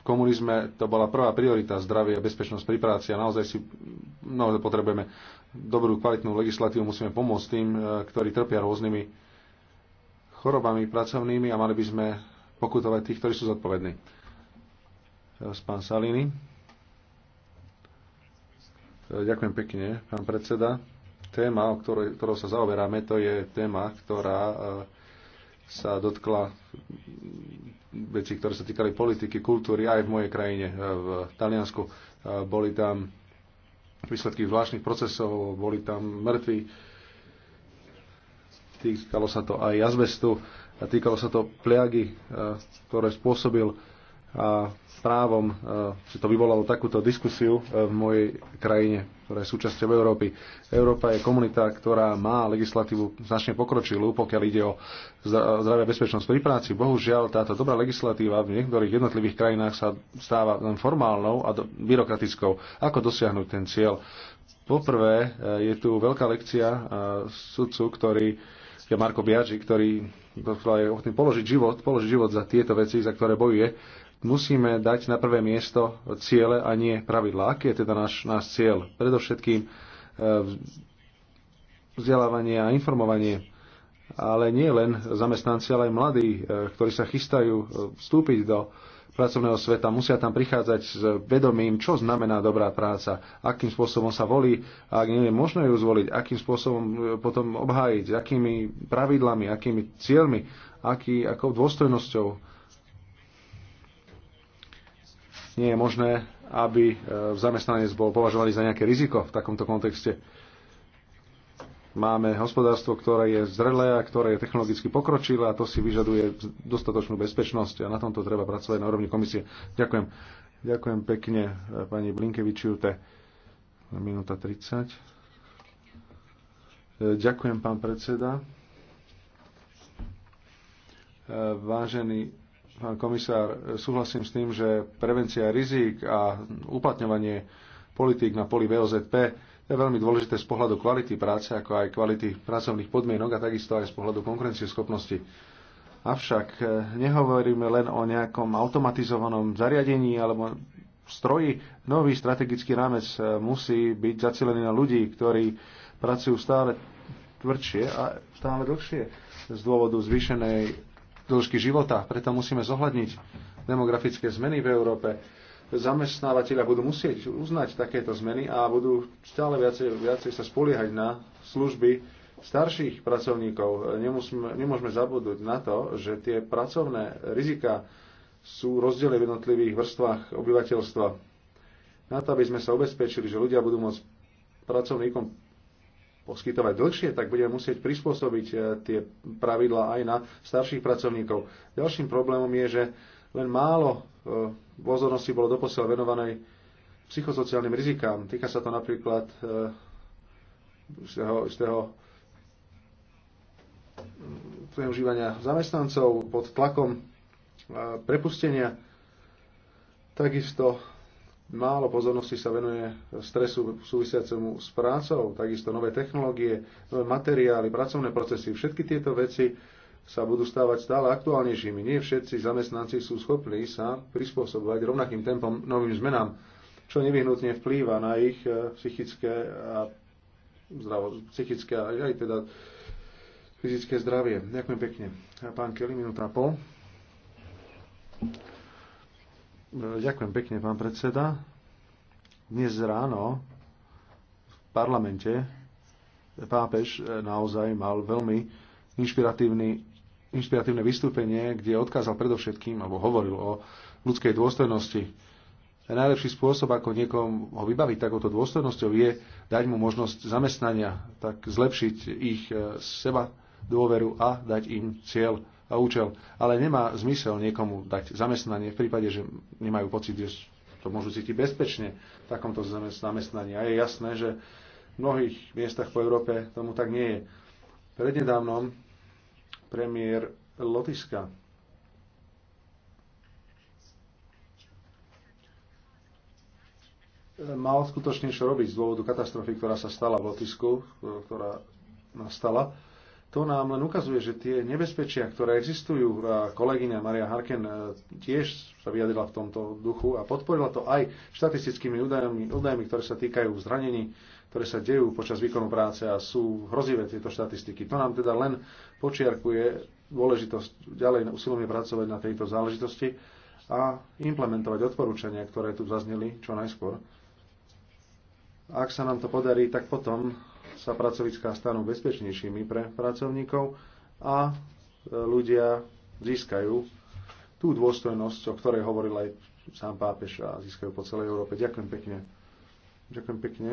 V komunizme to bola prvá priorita zdravie a bezpečnosť pri práci a naozaj si naozaj potrebujeme dobrú kvalitnú legislatívu, musíme pomôcť tým, e, ktorí trpia rôznymi chorobami pracovnými a mali by sme pokutovať tých, ktorí sú zodpovední. Teraz pán Salini. E, ďakujem pekne, pán predseda téma, o ktorej, ktorou sa zaoberáme, to je téma, ktorá e, sa dotkla veci, ktoré sa týkali politiky, kultúry aj v mojej krajine, e, v Taliansku. E, boli tam výsledky zvláštnych procesov, boli tam mŕtvi, týkalo sa to aj azbestu a týkalo sa to pliagy, ktoré spôsobil a právom, e, že to vyvolalo takúto diskusiu e, v mojej krajine, ktorá je súčasťou Európy. Európa je komunita, ktorá má legislatívu značne pokročilú, pokiaľ ide o zdravie a bezpečnosť pri práci. Bohužiaľ, táto dobrá legislatíva v niektorých jednotlivých krajinách sa stáva len formálnou a byrokratickou. Ako dosiahnuť ten cieľ? Poprvé, e, je tu veľká lekcia sudcu, ktorý je Marko Biaggi, ktorý je ochotný položiť život, položiť život za tieto veci, za ktoré bojuje musíme dať na prvé miesto ciele a nie pravidlá. Aký je teda náš, náš cieľ? Predovšetkým e, vzdelávanie a informovanie, ale nie len zamestnanci, ale aj mladí, e, ktorí sa chystajú e, vstúpiť do pracovného sveta, musia tam prichádzať s vedomím, čo znamená dobrá práca, akým spôsobom sa volí a ak nie je možné ju zvoliť, akým spôsobom potom obhájiť, akými pravidlami, akými cieľmi, aký, akou dôstojnosťou nie je možné, aby e, zamestnanec bol považovaný za nejaké riziko v takomto kontexte. Máme hospodárstvo, ktoré je zrelé a ktoré je technologicky pokročilé a to si vyžaduje dostatočnú bezpečnosť a na tomto treba pracovať na úrovni komisie. Ďakujem. Ďakujem pekne e, pani Blinkevičiute. Minúta 30. E, ďakujem, pán predseda. Vážený pán komisár, súhlasím s tým, že prevencia rizík a uplatňovanie politík na poli VOZP je veľmi dôležité z pohľadu kvality práce, ako aj kvality pracovných podmienok a takisto aj z pohľadu konkurencieschopnosti. Avšak eh, nehovoríme len o nejakom automatizovanom zariadení alebo stroji. Nový strategický rámec eh, musí byť zacelený na ľudí, ktorí pracujú stále tvrdšie a stále dlhšie z dôvodu zvýšenej dĺžky života. Preto musíme zohľadniť demografické zmeny v Európe. Zamestnávateľia budú musieť uznať takéto zmeny a budú stále viacej, viacej sa spoliehať na služby starších pracovníkov. Nemusme, nemôžeme zabudnúť na to, že tie pracovné rizika sú rozdiely v jednotlivých vrstvách obyvateľstva. Na to, aby sme sa ubezpečili, že ľudia budú môcť pracovníkom poskytovať dlhšie, tak budeme musieť prispôsobiť e, tie pravidla aj na starších pracovníkov. Ďalším problémom je, že len málo e, pozornosti bolo doposiaľ venovanej psychosociálnym rizikám. Týka sa to napríklad istého, e, istého preužívania zamestnancov pod tlakom prepustenia. Takisto Málo pozornosti sa venuje stresu súvisiacemu s prácou, takisto nové technológie, nové materiály, pracovné procesy. Všetky tieto veci sa budú stávať stále aktuálnejšími. Nie všetci zamestnanci sú schopní sa prispôsobovať rovnakým tempom novým zmenám, čo nevyhnutne vplýva na ich eh, psychické a zdravo, psychické a aj teda fyzické zdravie. Ďakujem pekne. Pán Kelly, minúta a pol. Ďakujem pekne, pán predseda. Dnes ráno v parlamente pápež naozaj mal veľmi inšpiratívny, inšpiratívne vystúpenie, kde odkázal predovšetkým, alebo hovoril o ľudskej dôstojnosti. Najlepší spôsob, ako niekom ho vybaviť takouto dôstojnosťou, je dať mu možnosť zamestnania, tak zlepšiť ich eh, seba dôveru a dať im cieľ a účel. Ale nemá zmysel niekomu dať zamestnanie v prípade, že nemajú pocit, že to môžu cítiť bezpečne v takomto zamestnaní. A je jasné, že v mnohých miestach po Európe tomu tak nie je. Prednedávnom premiér Lotiska mal skutočne čo robiť z dôvodu katastrofy, ktorá sa stala v Lotisku, ktorá nastala to nám len ukazuje, že tie nebezpečia, ktoré existujú, a kolegyňa Maria Harken e, tiež sa vyjadrila v tomto duchu a podporila to aj štatistickými údajmi, údajmi ktoré sa týkajú zranení, ktoré sa dejú počas výkonu práce a sú hrozivé tieto štatistiky. To nám teda len počiarkuje dôležitosť ďalej usilovne pracovať na tejto záležitosti a implementovať odporúčania, ktoré tu zazneli čo najskôr. Ak sa nám to podarí, tak potom sa pracoviská stanú bezpečnejšími pre pracovníkov a e, ľudia získajú tú dôstojnosť, o ktorej hovoril aj sám pápež a získajú po celej Európe. Ďakujem pekne. Ďakujem pekne.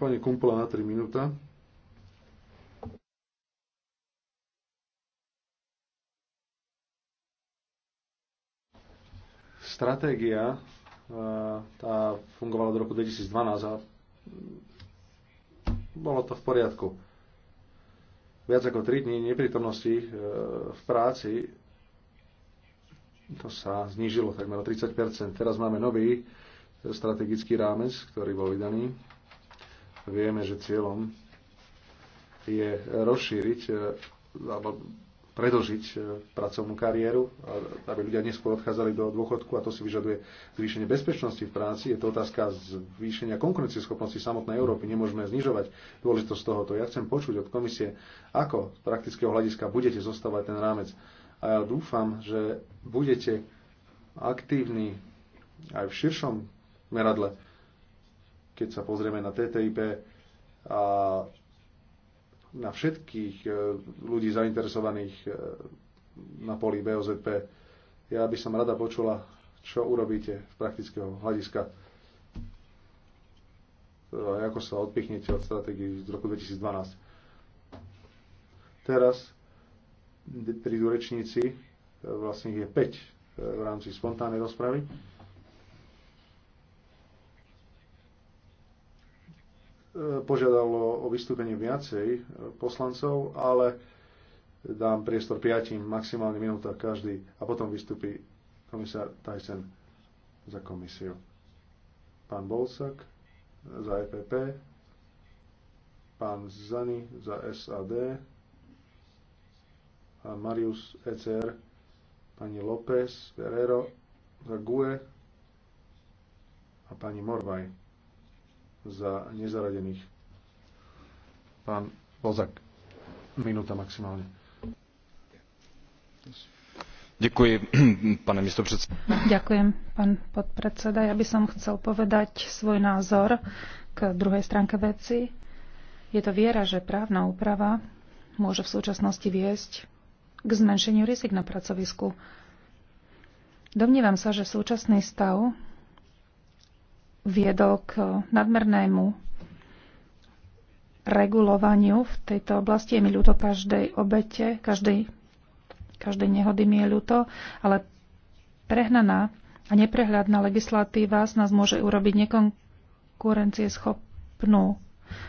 Pani Kumpula na 3 minúta. stratégia e, tá fungovala do roku 2012 a bolo to v poriadku. Viac ako 3 dní neprítomnosti e, v práci to sa znížilo takmer o 30 Teraz máme nový e, strategický rámec, ktorý bol vydaný. Vieme, že cieľom je rozšíriť e, predlžiť e, pracovnú kariéru, aby ľudia neskôr odchádzali do dôchodku a to si vyžaduje zvýšenie bezpečnosti v práci. Je to otázka zvýšenia konkurencieschopnosti samotnej Európy. Nemôžeme znižovať dôležitosť tohoto. Ja chcem počuť od komisie, ako z praktického hľadiska budete zostávať ten rámec. A ja dúfam, že budete aktívni aj v širšom meradle, keď sa pozrieme na TTIP a na všetkých e, ľudí zainteresovaných e, na poli BOZP. Ja by som rada počula, čo urobíte z praktického hľadiska. E, ako sa odpichnete od stratégií z roku 2012. Teraz prídu rečníci, vlastne ich je 5 v rámci spontánnej rozpravy. požiadalo o vystúpenie viacej poslancov, ale dám priestor piatim, maximálne minúta každý a potom vystúpi komisár Tyson za komisiu. Pán Bolsak za EPP, pán Zany za SAD, pán Marius ECR, pani López Ferrero za GUE a pani Morvaj za nezaradených. Pán Bozak, minúta maximálne. Ďakujem, pane místo Ďakujem, pán podpredseda. Ja by som chcel povedať svoj názor k druhej stránke veci. Je to viera, že právna úprava môže v súčasnosti viesť k zmenšeniu rizik na pracovisku. Domnívam sa, že súčasný stav viedol k nadmernému regulovaniu v tejto oblasti. Je mi ľúto každej obete, každej, každej nehody mi je ľúto, ale prehnaná a neprehľadná legislatíva z nás môže urobiť nekonkurencieschopnú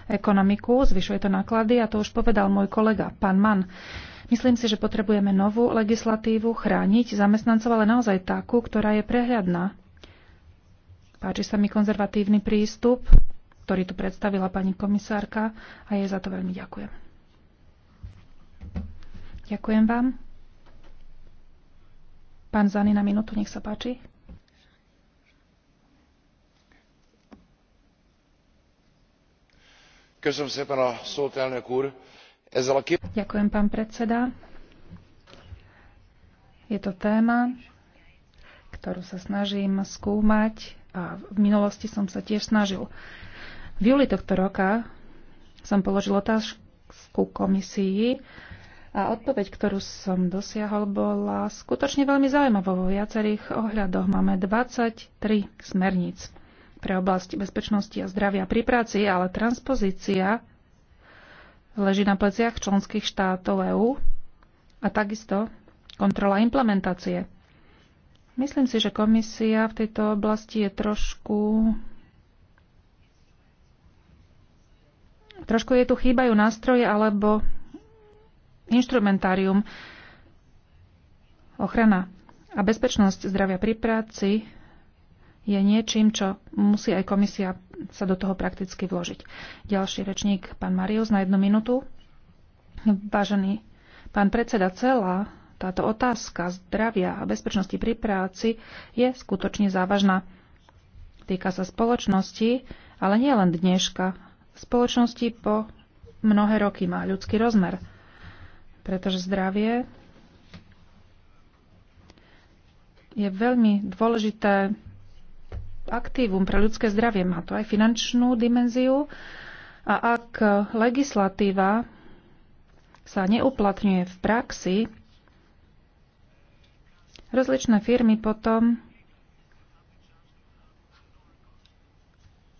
ekonomiku, zvyšuje to náklady a to už povedal môj kolega, pán Mann. Myslím si, že potrebujeme novú legislatívu chrániť zamestnancov, ale naozaj takú, ktorá je prehľadná Páči sa mi konzervatívny prístup, ktorý tu predstavila pani komisárka a jej za to veľmi ďakujem. Ďakujem vám. Pán Zany na minútu, nech sa páči. Ďakujem, pán predseda. Je to téma, ktorú sa snažím skúmať a v minulosti som sa tiež snažil. V júli tohto roka som položil otázku komisii a odpoveď, ktorú som dosiahol, bola skutočne veľmi zaujímavá vo viacerých ohľadoch. Máme 23 smerníc pre oblasti bezpečnosti a zdravia pri práci, ale transpozícia leží na pleciach členských štátov EÚ a takisto kontrola implementácie. Myslím si, že komisia v tejto oblasti je trošku... Trošku je tu chýbajú nástroje alebo inštrumentárium. Ochrana a bezpečnosť zdravia pri práci je niečím, čo musí aj komisia sa do toho prakticky vložiť. Ďalší rečník, pán Marius, na jednu minútu. Vážený pán predseda, celá táto otázka zdravia a bezpečnosti pri práci je skutočne závažná. Týka sa spoločnosti, ale nie len dneška. Spoločnosti po mnohé roky má ľudský rozmer. Pretože zdravie je veľmi dôležité aktívum pre ľudské zdravie. Má to aj finančnú dimenziu. A ak legislatíva sa neuplatňuje v praxi, Rozličné firmy potom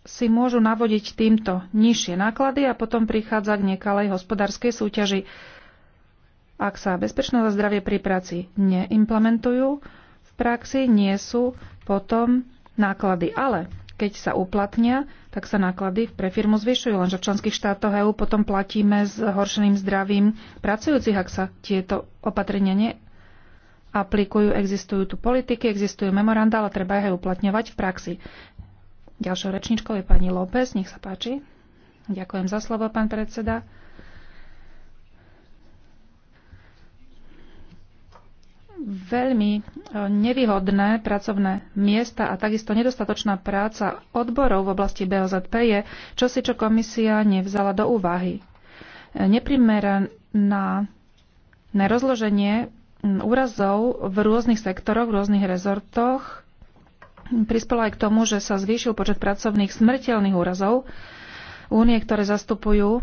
si môžu navodiť týmto nižšie náklady a potom prichádza k nekalej hospodárskej súťaži. Ak sa bezpečnosť a zdravie pri práci neimplementujú, v praxi nie sú potom náklady. Ale keď sa uplatnia, tak sa náklady pre firmu zvyšujú, lenže v členských štátoch EÚ potom platíme s horšeným zdravím pracujúcich, ak sa tieto opatrenia aplikujú, existujú tu politiky, existujú memoranda, ale treba ich aj uplatňovať v praxi. Ďalšou rečničkou je pani López, nech sa páči. Ďakujem za slovo, pán predseda. Veľmi e, nevýhodné pracovné miesta a takisto nedostatočná práca odborov v oblasti BOZP je čosi, čo komisia nevzala do úvahy. E, Neprimerané rozloženie úrazov v rôznych sektoroch, v rôznych rezortoch prispelo aj k tomu, že sa zvýšil počet pracovných smrteľných úrazov únie, ktoré zastupujú e,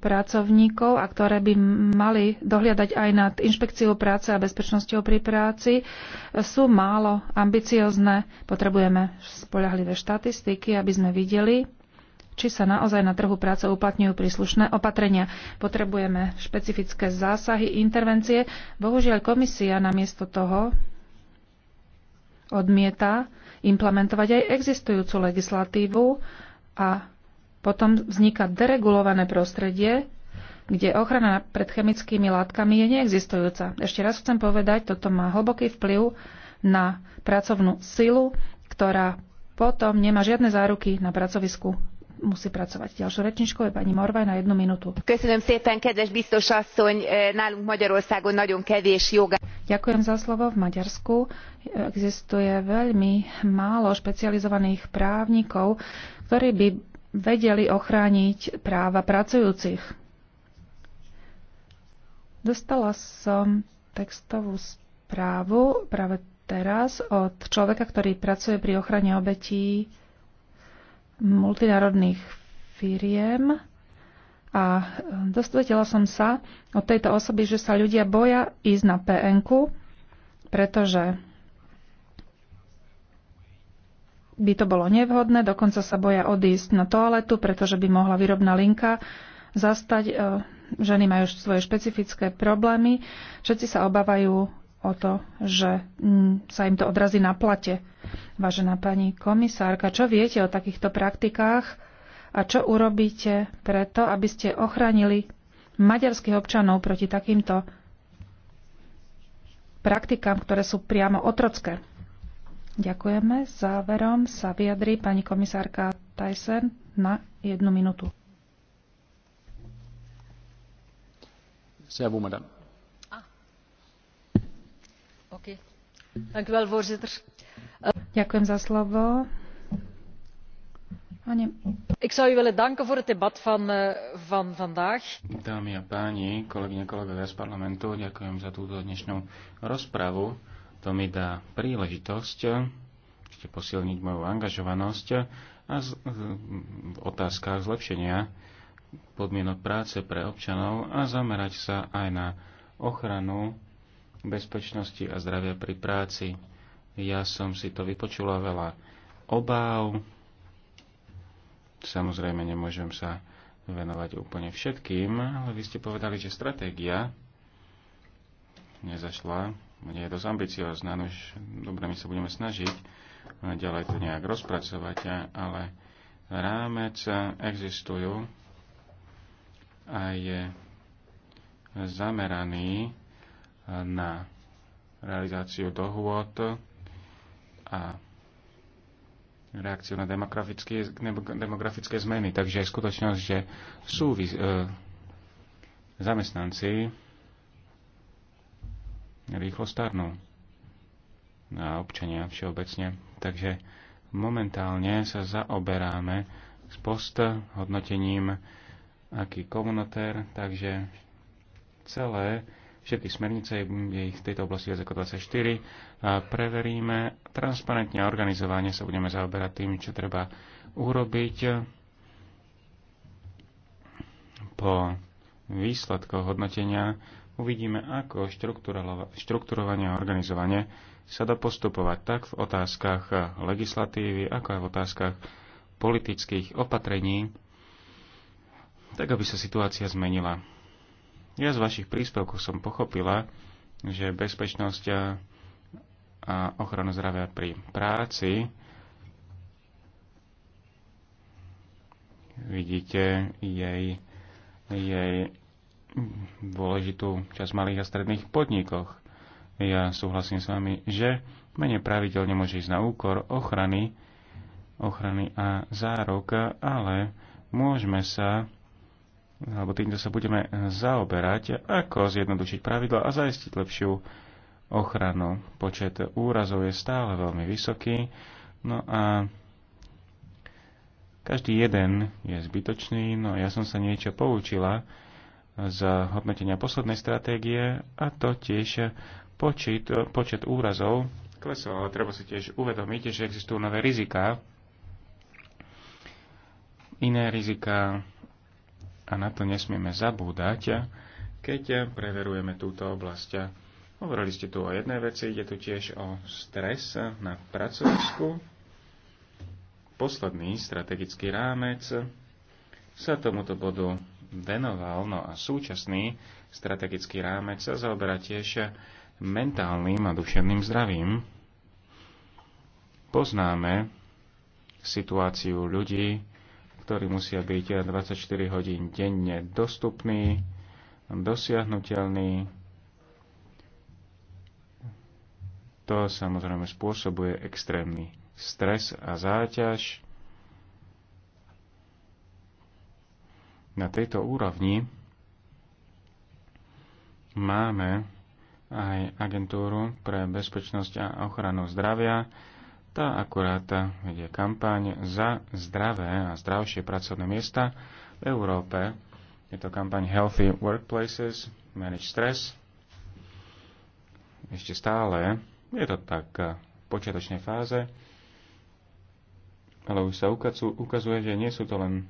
pracovníkov a ktoré by mali dohliadať aj nad inšpekciou práce a bezpečnosťou pri práci, e, sú málo ambiciozne. Potrebujeme spolahlivé štatistiky, aby sme videli, či sa naozaj na trhu práce uplatňujú príslušné opatrenia. Potrebujeme špecifické zásahy, intervencie. Bohužiaľ komisia namiesto toho odmieta implementovať aj existujúcu legislatívu a potom vzniká deregulované prostredie, kde ochrana pred chemickými látkami je neexistujúca. Ešte raz chcem povedať, toto má hlboký vplyv na pracovnú silu, ktorá potom nemá žiadne záruky na pracovisku musí pracovať. Ďalšou rečničkou je pani Morvaj na jednu minútu. Köszönöm szépen, kedves biztos asszony, e, nálunk Magyarországon nagyon kevés joga. Ďakujem za slovo. V Maďarsku existuje veľmi málo špecializovaných právnikov, ktorí by vedeli ochrániť práva pracujúcich. Dostala som textovú správu práve teraz od človeka, ktorý pracuje pri ochrane obetí multinárodných firiem a e, dostvetila som sa od tejto osoby, že sa ľudia boja ísť na pn pretože by to bolo nevhodné, dokonca sa boja odísť na toaletu, pretože by mohla výrobná linka zastať. E, ženy majú svoje špecifické problémy, všetci sa obávajú o to, že mm, sa im to odrazí na plate. Vážená pani komisárka, čo viete o takýchto praktikách a čo urobíte preto, aby ste ochránili maďarských občanov proti takýmto praktikám, ktoré sú priamo otrocké? Ďakujeme. Záverom sa vyjadrí pani komisárka Tyson na jednu minútu. C'est à vous, madame. Eh, Ik zou u willen danken voor het debat van, eh, van vandaag. Dámy a páni, kolegyne, kolegovia z parlamentu, ďakujem za túto dnešnú rozpravu. To mi dá príležitosť eh, ešte posilniť moju angažovanosť a z, v otázkach zlepšenia podmienok práce pre občanov a zamerať sa aj na ochranu bezpečnosti a zdravia pri práci. Ja som si to vypočula veľa obáv. Samozrejme, nemôžem sa venovať úplne všetkým, ale vy ste povedali, že stratégia nezašla. Nie je dosť ambiciozná, no už dobre, my sa budeme snažiť ďalej to nejak rozpracovať, ale rámec existujú a je zameraný na realizáciu dohôd a reakciu na demografické, demografické zmeny. Takže je skutočnosť, že sú e, zamestnanci rýchlo starnú a občania všeobecne. Takže momentálne sa zaoberáme s post hodnotením aký komunotér, takže celé všetky smernice, je ich v tejto oblasti viac ako 24. A preveríme transparentne a organizovane sa budeme zaoberať tým, čo treba urobiť po výsledkoch hodnotenia uvidíme, ako štrukturovanie a organizovanie sa dá postupovať tak v otázkach legislatívy, ako aj v otázkach politických opatrení, tak aby sa situácia zmenila. Ja z vašich príspevkov som pochopila, že bezpečnosť a ochrana zdravia pri práci vidíte jej, jej dôležitú časť malých a stredných podnikoch. Ja súhlasím s vami, že menej pravidelne môže ísť na úkor ochrany, ochrany a zárok, ale môžeme sa alebo týmto sa budeme zaoberať, ako zjednodušiť pravidla a zaistiť lepšiu ochranu. Počet úrazov je stále veľmi vysoký, no a každý jeden je zbytočný, no ja som sa niečo poučila z hodnotenia poslednej stratégie a to tiež počet, počet úrazov klesol, ale treba si tiež uvedomiť, že existujú nové riziká, iné rizika a na to nesmieme zabúdať, keď preverujeme túto oblasť. Hovorili ste tu o jednej veci, ide tu tiež o stres na pracovisku. Posledný strategický rámec sa tomuto bodu venoval, no a súčasný strategický rámec sa zaoberá tiež mentálnym a duševným zdravím. Poznáme situáciu ľudí, ktorí musia byť 24 hodín denne dostupní, dosiahnutelní. To samozrejme spôsobuje extrémny stres a záťaž. Na tejto úrovni máme aj agentúru pre bezpečnosť a ochranu zdravia, tá akurát vedie kampaň za zdravé a zdravšie pracovné miesta v Európe. Je to kampaň Healthy Workplaces, Manage Stress. Ešte stále je to tak v počiatočnej fáze, ale už sa ukazuje, že nie sú to len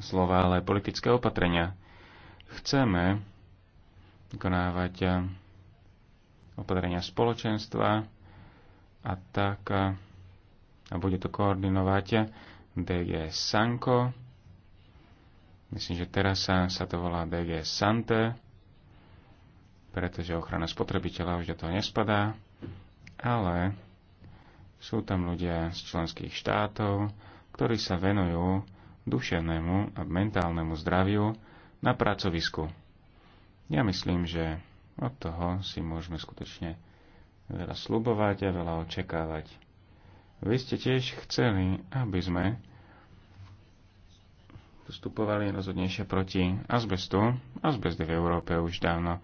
slova, ale politické opatrenia. Chceme vykonávať opatrenia spoločenstva, a tak a bude to koordinovať DG Sanko. Myslím, že teraz sa, sa to volá DG Sante, pretože ochrana spotrebiteľa už do toho nespadá, ale sú tam ľudia z členských štátov, ktorí sa venujú duševnému a mentálnemu zdraviu na pracovisku. Ja myslím, že od toho si môžeme skutočne veľa slubovať a veľa očakávať. Vy ste tiež chceli, aby sme postupovali rozhodnejšie proti azbestu. Azbest je v Európe už dávno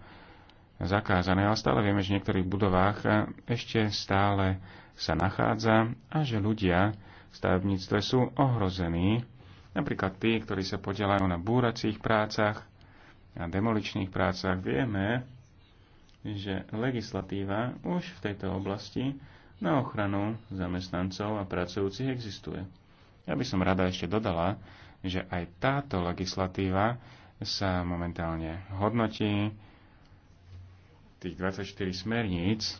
zakázané, ale stále vieme, že v niektorých budovách ešte stále sa nachádza a že ľudia v stavebníctve sú ohrození. Napríklad tí, ktorí sa podielajú na búracích prácach, na demoličných prácach, vieme, že legislatíva už v tejto oblasti na ochranu zamestnancov a pracujúcich existuje. Ja by som rada ešte dodala, že aj táto legislatíva sa momentálne hodnotí. Tých 24 smerníc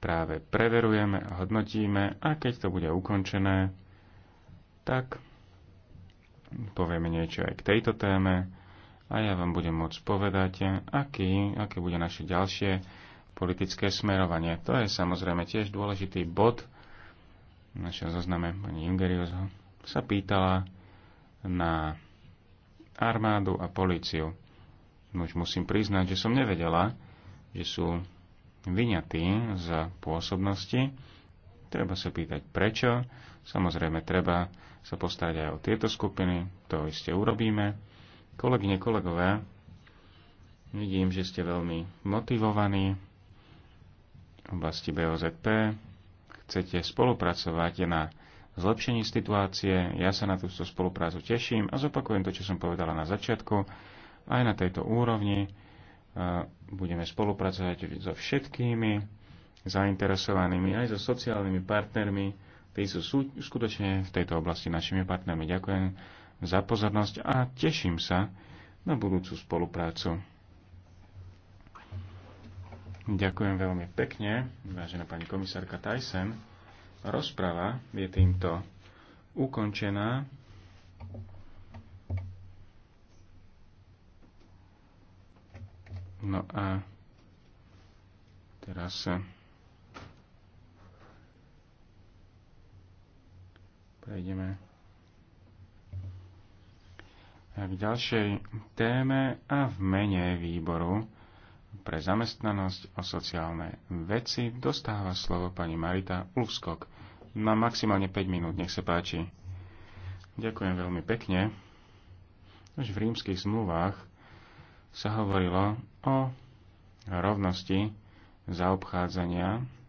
práve preverujeme a hodnotíme a keď to bude ukončené, tak povieme niečo aj k tejto téme a ja vám budem môcť povedať, aký, aké bude naše ďalšie politické smerovanie. To je samozrejme tiež dôležitý bod. V našom zozname pani Ingerius sa pýtala na armádu a políciu. Už musím priznať, že som nevedela, že sú vyňatí z pôsobnosti. Treba sa pýtať prečo. Samozrejme, treba sa postarať aj o tieto skupiny. To iste urobíme Kolegyne, kolegové, vidím, že ste veľmi motivovaní v oblasti BOZP. Chcete spolupracovať na zlepšení situácie. Ja sa na túto spoluprácu teším a zopakujem to, čo som povedala na začiatku. Aj na tejto úrovni e, budeme spolupracovať so všetkými zainteresovanými, aj so sociálnymi partnermi, ktorí sú skutočne v tejto oblasti našimi partnermi. Ďakujem za pozornosť a teším sa na budúcu spoluprácu. Ďakujem veľmi pekne, vážená pani komisárka Tyson. Rozprava je týmto ukončená. No a teraz prejdeme k ďalšej téme a v mene výboru pre zamestnanosť o sociálne veci dostáva slovo pani Marita Ulfskok. Má maximálne 5 minút, nech sa páči. Ďakujem veľmi pekne. Už v rímskych zmluvách sa hovorilo o rovnosti zaobchádzania